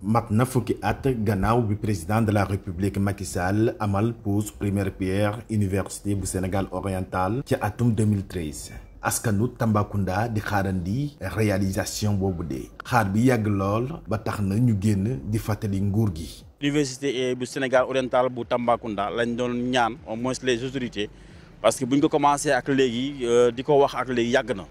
mat na fukki at gannaaw bi président de la république Macky Sall amal pose première pierre université bu Sénégal oriental ci atum 2013 askanu Tambacounda di xaarandi réalisation boobu de xaar bi yàgg lool ba tax na ñu génn di fàttali nguur gi. université bu Sénégal oriental bu Tambacounda lañ doon ñaan au moins les autorités parce que buñ ko commencé ak léegi euh, di ko wax ak léegi yàgg na.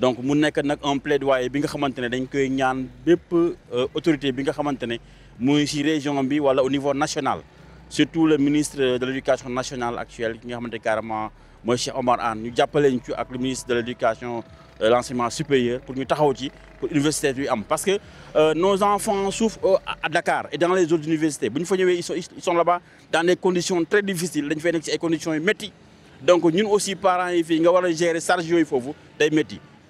donc mu nekk nag un plaidoyer bi nga xamante ne dañ koy ñaan bépp euh, autorité bi nga xamante ne muy ci région bi walla au niveau national surtout le ministre de l'éducation national actuel ki nga xamante carrément mooy Cheikh Omar Anne ñu jàppale ñu ci ak le ministre de l'éducation de euh, supérieur pour ñu taxaw ci pour université bi am parce que euh, nos enfants souffrent à Dakar et dans les autres universités bu ñu fa ñëwee ils sont ils sont là-bas dans des conditions fay nekk ci ay conditions yu métti donc ñun aussi yi fii nga war a gérer charge yooyu foofu day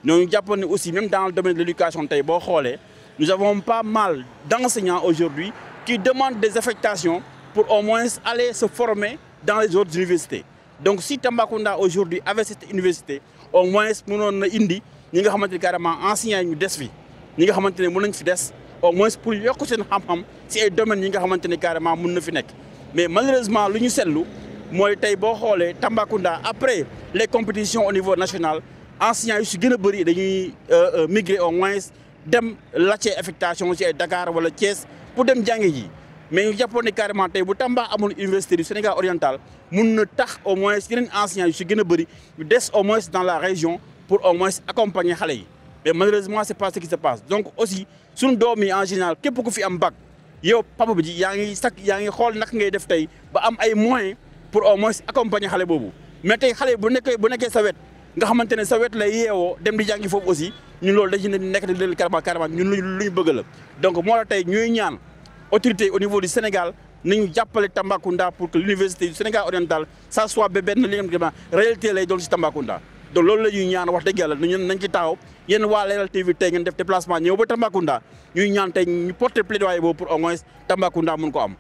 ñooñu jàppoon ne aussi même dans le domaine de l'éducation tey boo xoolee nous avons pas mal d'enseignants aujourd'hui kii demande des affectations pour au moins aller se former dans les autres universités donc si Tambacounda aujourd'hui avec cette université au moins mënoon na indi ñi nga xamante ni carrément enseignants yi ñu des fi ñi nga xamante ne mën nañ fi des au moins pour yokk seen xam-xam ci ay domaines yi nga xamante ne carrément mën na fi nekk mais malheureusement lu ñu seetlu mooy tey boo xoolee Tambacounda après les compétitions au national enseignants yu si gën a bëri dañuy euh, euh, migrer au moins dem lace affectation ci ay Dakar wala cees pour dem jànge ji mais ñu jàppoon ne tey bu Tamba amul université du Sénégal oriental mun na tax au moins yeneen enseignants yu si gën a bëri ñu des au moins dans la région pour au moins accompagner xale yi mais malheureusement c'est pas ce qui se passe donc aussi suñu doom yi en général képp ku fi am bac yow papa bi ji yaa ngi sakk yaa ngi xool naka ngay def tey ba am ay moyens pour au moins accompagner xale boobu mais tey xale bu nekkee bu nekkee sa nga xamante ne sa wet la yeewoo dem di jàngi foofu aussi ñu loolu dañu nekk di leen carrément carrément ñun lu ñu bëgg la donc moo la tey ñuy ñaan autorité au niveau du Sénégal nañu jàppale Tambacounda pour que l'université du Sénégal oriental ça soit ba benn li nga réalité lay doon si Tambacounda donc loolu la ñuy ñaan wax dëgg yàlla ñun nañ ci taaw yéen waa Leral tey ngeen def déplacement ñëw ba Tambacounda ñuy ñaan tey ñu porter plaidoyer boobu pour au moins Tambacounda mun ko am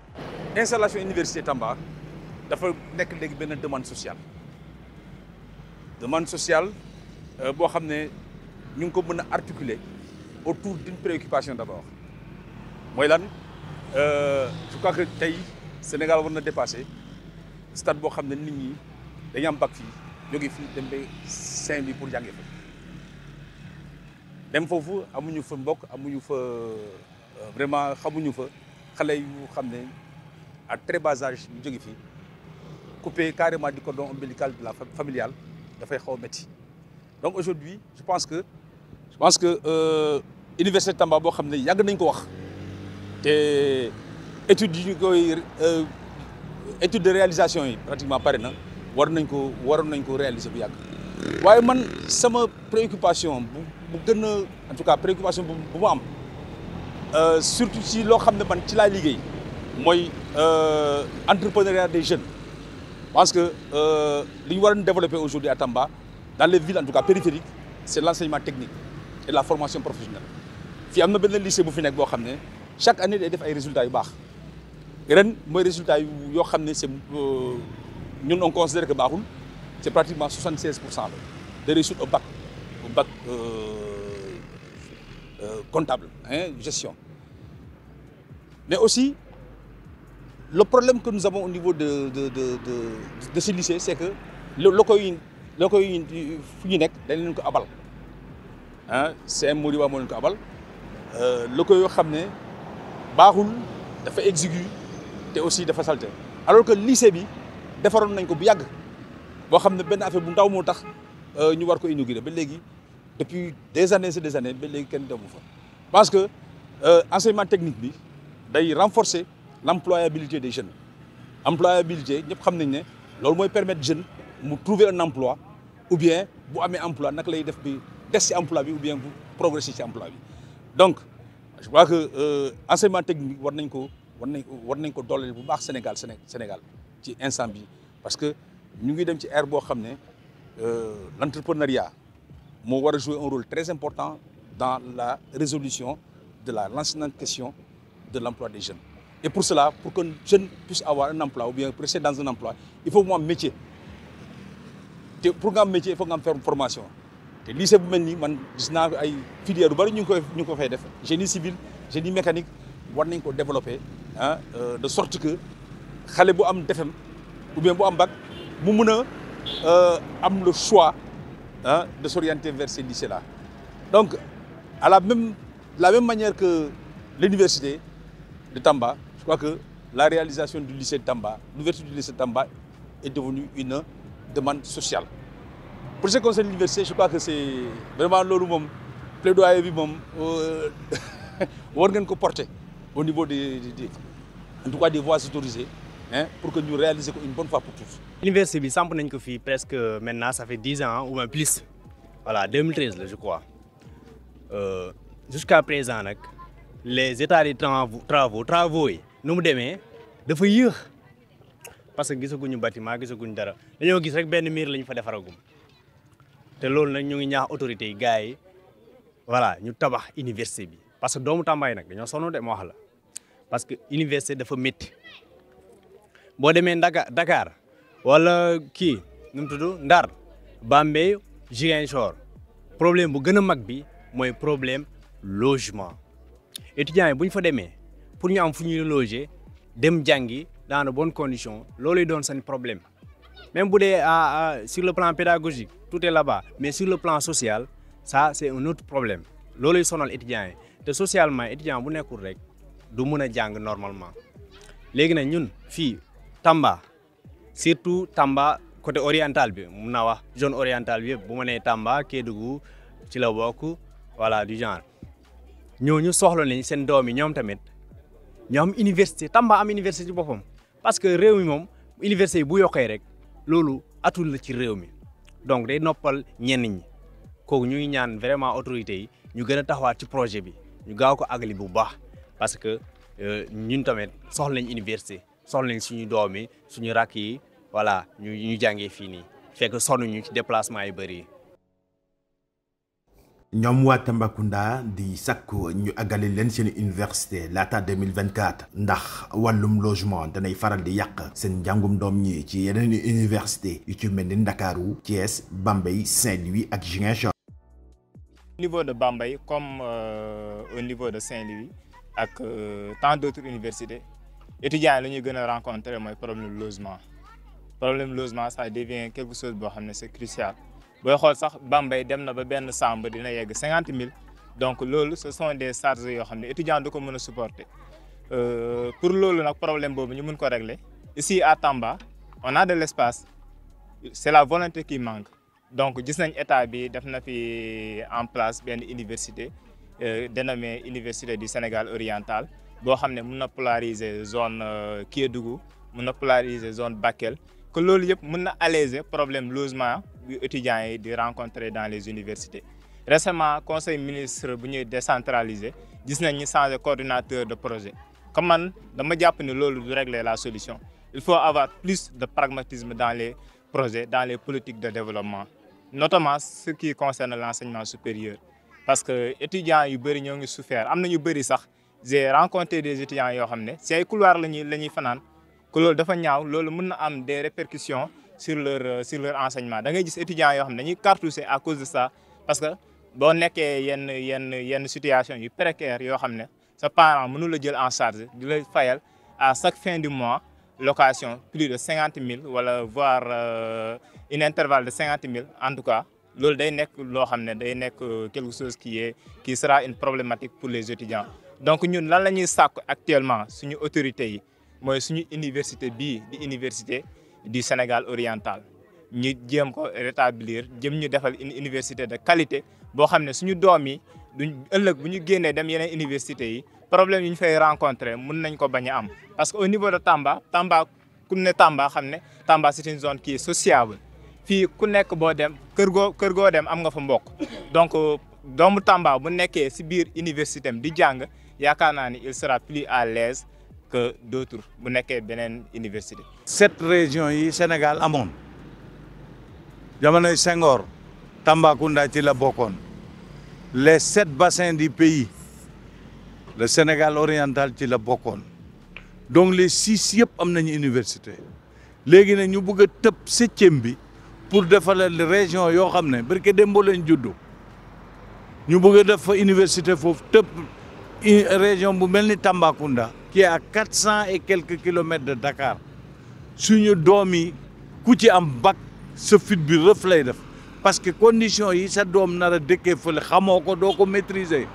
installation université Tamba dafa nekk léegi benn demande social demande sociale euh, boo xam ne ñu ngi ko mën a articuler autour d'une préoccupation d'abord mooy lan euh, je crois que tey Sénégal war na dépasser stade boo xam ne nit ñi dañu am bac fii jóge fii dem ba saint pour jànge fa foofu amuñu fa mbokk amuñu fa euh, vraiment xamuñu fa xale yu xam ne a très bas âge ñu jóge fii coupé carrément du cordon ombilical de la familiale dafay xaw a métti donc aujourd'hui je pense que je pense que euh, université Tamba boo xam ne yàgg nañ ko wax te études yi ñu koy euh, étude de réalisation yi pratiquement pare na war nañ ko waroon nañ ko réaliser bu yàgg waaye man sama préoccupation bu gën a en tout cas préoccupation bu bu ma am euh, surtout si loo xam ne man ci laa liggéey mooy entrepreneuriat des jeunes parce que que euh, ce qu'on développé aujourd'hui à Tamba, dans les villes en tout cas périphériques, c'est l'enseignement technique et la formation professionnelle. Il bu fi nekk lycée xam ne chaque année, il def ay des résultats baax Ren, les résultats, euh, nous on considère que c'est pratiquement 76% de réussite au bac, au bac euh, euh, comptable, hein, gestion. Mais aussi, le problème que nous avons au niveau de de de de de ce lycée c'est que locaux yi locaux yi fu ñu nekk dañ leen ko abal ah CM Modiba moo leen ko abal euh, locaux yoo xam ne baaxul dafa exigu te aussi dafa salte alors que lycée bi defaroon nañ ko bu yàgg boo xam ne benn affaire bu ndaw moo tax euh, ñu war ko inauguré ba léegi depuis des années et des années ba léegi kenn demu fa parce que euh, enseignement technique bi day renforcer. l'employabilité des jeunes employabilité ñëpp xam nañ ne loolu mooy permettre jeune mu trouver un emploi ou bien bu amee emploi naka lay def bi des ci emploi bi ou bien bu progresser ci emploi bi donc je crois que euh, enseignement technique war nañ ko war nañ war nañ ko dooleel bu baax Sénégal Sénégal ci instant bi parce que ñu ngi dem ci ère boo xam ne euh, l'entrepreneuriat moo war a jouer un rôle très important dans la résolution de la lancinante question de l'emploi des jeunes Et pour cela, pour qu'un jeune puisse avoir un emploi ou bien rester dans un emploi, il faut avoir un métier. pour nga am métier il faut nga am faire formation te lycée bu mel nii man gis naa ay filières yu bëri ñu ngi koy ñu ko fay def génie civil génie mécanique war nañ ko développer ah euh, de sorte que xale bu am defem ou bien bu am bac mu mun a euh, am le choix ah de s'orienter vers ces lycées là donc à la même la même manière que l'université de Tamba Je crois que la réalisation du lycée de Tamba, l'ouverture du lycée de Tamba est devenue une demande sociale. Pour ce qui concerne l'université, je crois que c'est vraiment le plaidoyer qu'on euh, porter au niveau des, des, des, en tout cas des voies autorisées pour que nous réalisions une bonne fois pour tous. L'université, nous presque maintenant, ça fait 10 ans ou même plus. Voilà, 2013, là, je crois. Euh, Jusqu'à présent, les états des travaux, travaux, travaux nu mu demee dafa yéex parce que gisaguñu bâtiment gisaguñ dara dañoo gis rek benn miir lañ fa defaragum te loolu nag ñu ngi ñaax autorités yi gars yi voilà ñu tabax université bi parce que doomu Tamba yi nag dañoo sonn de moo wax la parce que université dafa métti boo demee Ndaka Dakar wala kii nu mu tudd Ndar Bambey Ziguinchor problème bu gën a mag bi mooy problème logement étudiants yi bu ñu fa demee. pour ñu am fu ñuy loger dem jàngi dans de condition conditions looluy doon seen problème même bu dee ah, ah, sur le plan pédagogique tout est là-bas mais sur le plan social ça c'est un autre problème looluy sonal étudiants yi te socialement étudiant bu nekkul rek du mën a jàng normalement léegi nag ñun fii Tamba surtout Tamba côté oriental bi mun naa wax zone orientale bi bu ma nee Tamba Kédougou ci la bokk voilà du genre ñooñu soxla nañ seen doom yi ñoom tamit ñoom am université Tamba am université ci boppam parce que réew mi moom université yi bu yokkee rek loolu atul ci réew mi donc day noppal ñenn ñi kooku ñu ngi ñaan vraiment autorités yi ñu gën a taxawaat ci projet bi ñu gaaw ko agli bu baax parce que euh, ñun tamit soxla nañ université soxla nañ suñu doom yi suñu rakk yi voilà ñu ñu jàngee fii nii sonu ñu ci déplacement yu bëri ñoom waa Tambacounda di sakku ñu àggale leen seen université laata 2024 ndax wàllum logement danay faral di yàq seen njàngum doom ñi ci yeneen université yu ci mel ni Ndakaaru Thiès Bambey Saint-Louis ak Ziguinchor. au niveau de bambay comme euh, au niveau de Saint-Louis ak euh, tant d' autres universités étudiants yi la ñuy gën a rencontrer mooy problème logement problème logement ça devient quelque chose boo xam ne c' est boo xool sax Bambey dem na ba benn chambre dina yegg cinquante mille donc loolu ce sont des charges yoo xam ne étudiant du ko mën a supporter euh, pour loolu nag problème boobu ñu mun ko régler ici à Tamba on a de l'espace c'est la volonté qui manque donc gis nañ état bi def na fi euh, en place benn université euh, dénommée université du Sénégal oriental boo xam ne mun na polariser zone Kédougou mun na polariser zone Bakel que loolu yëpp mun na alléger problème logement étudiants yi di rencontrer dans les universités récemment conseil ministre bu ñuy décentralisé gis nañ ñu changé coordinateur de projet comme man dama jàpp ne loolu du régler la solution il faut avoir plus de pragmatisme dans les projets dans les politiques de développement notamment ce qui concerne l'enseignement supérieur parce que étudiants yu bëri ñoo ngi souffert am na ñu bëri sax j'ai renconter des étudiants yoo xam ne si ay couloir la ñuy fanaan que loolu sur leur euh, sur leur enseignement da ngay gis étudiants yoo xam ne dañuy cartouché à cause de ça parce que boo nekkee yenn yenn yenn situation yu précaire yoo xam ne sa parent mënu la jël en charge di la fayal à chaque fin du mois location plus de cinquante mille wala voire euh, une intervalle de cinquante mille en tout cas loolu day nekk loo xam ne day nekk euh, quelque chose qui est qui sera une problématique pour les étudiants donc ñun lan la ñuy sàkk actuellement suñu autorités yi mooy suñu université bii di université di Sénégal oriental ñu jéem ko rétablir jëm ñu defal une université de qualité boo xam ne suñu doom yi duñ ëllëg bu ñu génnee dem yeneen université yi problème yi ñu fay rencontrer mun nañ ko bañ am parce que au niveau de Tamba Tamba ku ne Tamba xam ne Tamba c'est une zone qui sociable fii ku nekk boo dem kër goo kër goo dem am nga fa mbokk donc euh, doom Tamba bu nekkee si biir université di jàng yaakaar naa ni il sera plus à l'aise que d'autres bu nekkee beneen université sept régions yi Sénégal amoon jamonoy Senghor Tambacounda ci la bokkoon les sept bassins di pays le Sénégal oriental ci la bokkoon donc les six yëpp am nañu université léegi nag ñu bëgg a tëb septième bi pour defalal région yoo xam ne parce que démb juddu ñu bëgg a def fa université foofu tëb région bu mel ni Tambacounda ki est à quatre cent et quelques kilomètres de Dakar suñu doom yi ku ci am bac sa fit bi rëf lay def parce que conditions yi sa doom nar a dëkkee fële xamoo ko doo ko maîtriser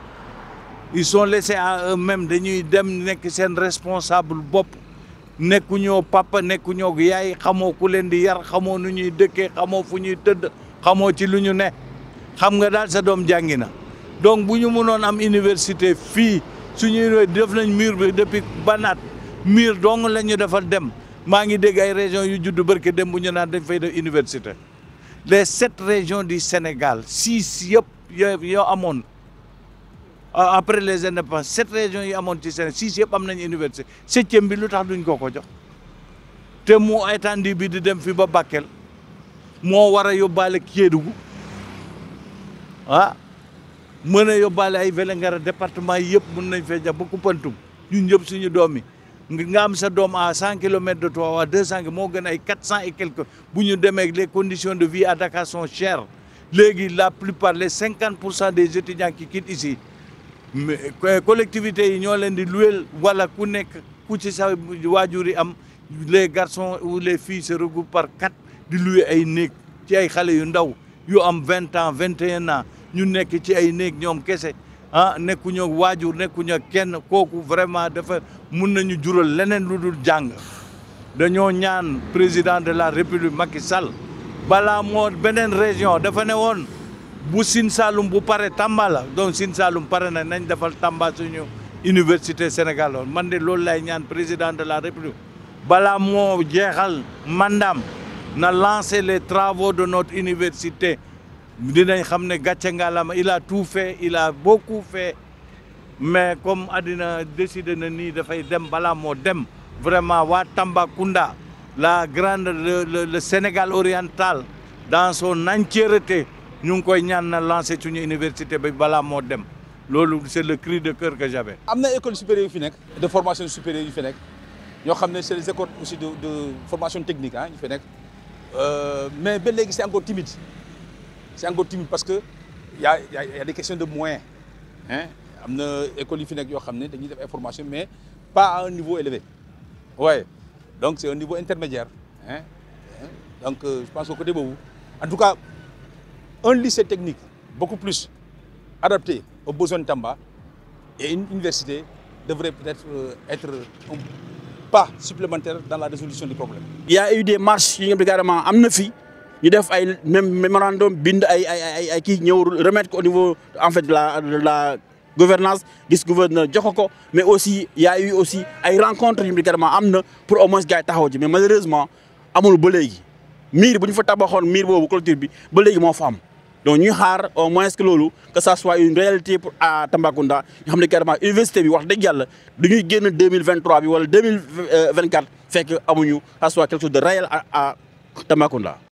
ils sont laissés à eux dañuy dem nekk seen responsable bopp nekku ñoo papa nekku ñoo yaay xamoo ku leen di yar xamoo nu ñuy dëkkee xamoo fu ñuy tëdd xamoo ci lu ñu ne xam nga daal sa doom jàngi na donc bu ñu mënoon am université fii suñuy def nañ mur bi depuis banaat mur dong la ñu defal dem maa ngi dégg ay régions yu judd barke dem bu ñu naan dañ fay def université les sept régions du Sénégal six yëpp yoo yoo amoon après les indépendances sept régions yi amoon ci Sénégal six yëpp am nañ université septième bi lu tax duñ ko ko jox te mu étendue bi di dem fi ba Bakel moo war a yóbbaale Kédougou ah mën a yobbale ay Vélingara département yi yëpp mën nañ fee jàpp ba Koumpentoum ñu ñëpp suñu doom yi nga am sa doom à cent kilomètres de toi waa deux cent moo gën ay quatre cent et quelques bu ñu demee le conditions de vie à Dakar sont chères léegi la plupart les cinquante pour cent des étudiants qui quittent ici mais euh, collectivités yi ñoo leen di luweel wala ku nekk ku ci sa waajur yi am les garson ou fii filles se par quatre di luwe ay néeg ci ay xale yu ndaw yu am vingt ans vingt et un ans ñu nekk ci ay néeg ñoom kese ah nekkuñu ñëw waajur nekkuñu ak kenn kooku vraiment dafa mun nañu jural leneen lu dul jàng dañoo ñaan président de la république Macky Sall balaa moo beneen région dafa ne woon bu Sine Saalum bu pare tambala donc Sine Saalum pare na nañ defal Tamba suñu université Sénégal man de loolu lay ñaan président de la république balaa moo jeexal mandam na lancer les travaux de notre université dinañ xam ne gàcce ngaalama il a tout fait il a beaucoup fait mais comme àddina décidé na nii dafay dem balaa moo dem vraiment waa Tambacounda la grande le, le, le Sénégal oriental dans son entièreté ñu ngi koy ñaan na lancé suñu université bi balaa moo dem loolu c'est le cri de cœur que j'avais am na école supérieure yu fi nekk de formation supérieure yu fi nekk ñoo xam ne c'est les écoles aussi de de formation technique ah yu fi nekk euh, mais ba léegi c'est encore timide c'est encore timide parce que y a y des questions de moyens hein am na école yi fi nekk yoo xam ne dañuy def information mais pas à un niveau élevé donc c'est un niveau intermédiaire hein donc euh, je pense que côté boobu en tout cas un lycée technique beaucoup plus adapté aux besoins de Tamba et une université devrait peut-être euh, être un pas supplémentaire dans la résolution du problème. Il y a eu des marches yi nga xam ne carrément am na fi. ñu def ay même mémorandum bind ay ay ay ay kii ñëw remettre ko niveau en fait de la de la gouvernance gis gouverneur jox ko mais aussi y a eu aussi ay rencontres yu carrément am na pour au moins gars yi taxaw ji mais malheureusement amul ba léegi miir bu ñu fa tabaxoon miir boobu clôture bi ba léegi moo fa am donc ñu xaar au moins que loolu que ça soit une réalité pour à Tambacounda ñu xam ne carrément université bi wax dëgg yàlla du ñuy génn 2023 bi wala 2024 fekk amuñu ça soit quelque chose de réel à à Tambacounda